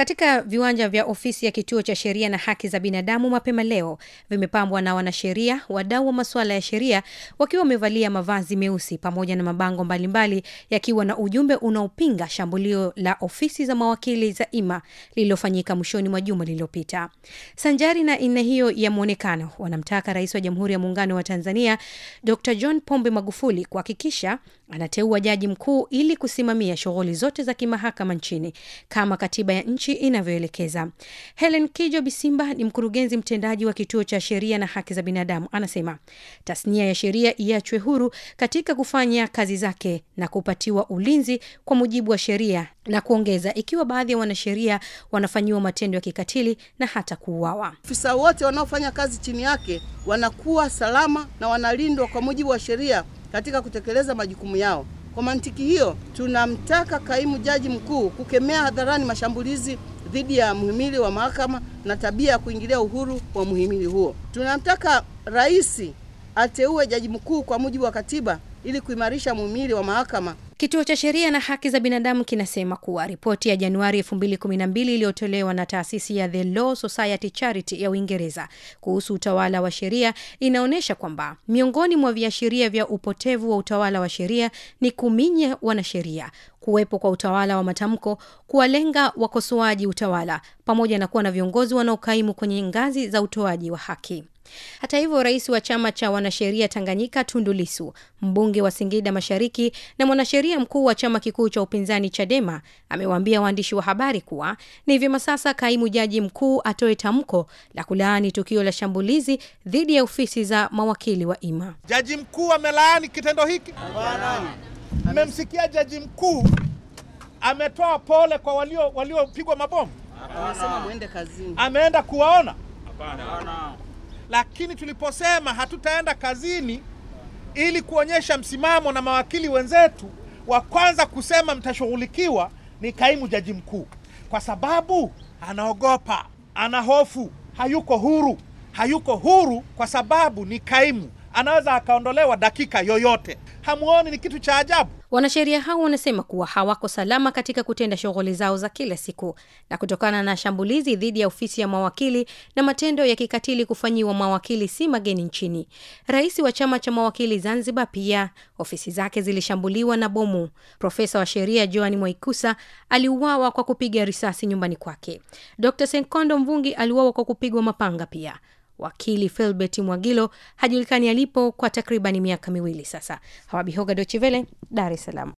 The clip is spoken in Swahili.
Katika viwanja vya ofisi ya kituo cha sheria na haki za binadamu mapema leo vimepambwa na wanasheria, wadau wa masuala ya sheria wakiwa wamevalia mavazi meusi pamoja na mabango mbalimbali yakiwa na ujumbe unaopinga shambulio la ofisi za mawakili za IMA lililofanyika mwishoni mwa juma lililopita. Sanjari na aina hiyo ya mwonekano, wanamtaka Rais wa Jamhuri ya Muungano wa Tanzania Dr John Pombe Magufuli kuhakikisha anateua jaji mkuu ili kusimamia shughuli zote za kimahakama nchini kama katiba ya nchi nchi inavyoelekeza. Helen Kijo Bisimba ni mkurugenzi mtendaji wa kituo cha sheria na haki za binadamu, anasema tasnia ya sheria iachwe huru katika kufanya kazi zake na kupatiwa ulinzi kwa mujibu wa sheria, na kuongeza ikiwa baadhi ya wanasheria wanafanyiwa matendo ya kikatili na hata kuuawa, afisa wote wanaofanya kazi chini yake wanakuwa salama na wanalindwa kwa mujibu wa sheria katika kutekeleza majukumu yao. Kwa mantiki hiyo, tunamtaka kaimu jaji mkuu kukemea hadharani mashambulizi dhidi ya mhimili wa mahakama na tabia ya kuingilia uhuru wa mhimili huo. Tunamtaka rais ateue jaji mkuu kwa mujibu wa katiba ili kuimarisha mhimili wa mahakama Kituo cha Sheria na Haki za Binadamu kinasema kuwa ripoti ya Januari 2012 iliyotolewa na taasisi ya The Law Society Charity ya Uingereza kuhusu utawala wa sheria inaonyesha kwamba miongoni mwa viashiria vya upotevu wa utawala wa sheria ni kuminya wanasheria, kuwepo kwa utawala wa matamko, kuwalenga wakosoaji utawala, pamoja na kuwa na viongozi wanaokaimu kwenye ngazi za utoaji wa haki. Hata hivyo, rais wa chama cha wanasheria Tanganyika Tundu mbunge wa Singida Mashariki na mwanasheria mkuu wa chama kikuu cha upinzani Chadema amewaambia waandishi wa habari kuwa ni vyema sasa kaimu jaji mkuu atoe tamko la kulaani tukio la shambulizi dhidi ya ofisi za mawakili wa IMA. Jaji mkuu amelaani kitendo hiki. Mmemsikia jaji mkuu ametoa pole kwa waliopigwa walio mabomu. Ameenda kuwaona lakini tuliposema hatutaenda kazini ili kuonyesha msimamo na mawakili wenzetu, wa kwanza kusema mtashughulikiwa ni kaimu jaji mkuu, kwa sababu anaogopa, ana hofu, hayuko huru. Hayuko huru kwa sababu ni kaimu anaweza akaondolewa dakika yoyote. Hamuoni ni kitu cha ajabu? Wanasheria hao wanasema kuwa hawako salama katika kutenda shughuli zao za kila siku, na kutokana na shambulizi dhidi ya ofisi ya mawakili na matendo ya kikatili kufanyiwa mawakili si mageni nchini. Rais wa chama cha mawakili Zanzibar pia ofisi zake zilishambuliwa na bomu. Profesa wa sheria Joan Mwaikusa aliuawa kwa kupiga risasi nyumbani kwake. Dr Senkondo Mvungi aliuawa kwa kupigwa mapanga pia. Wakili Filbert Mwagilo hajulikani alipo kwa takribani miaka miwili sasa. Hawabihoga, Dochivele, Dar es Salaam.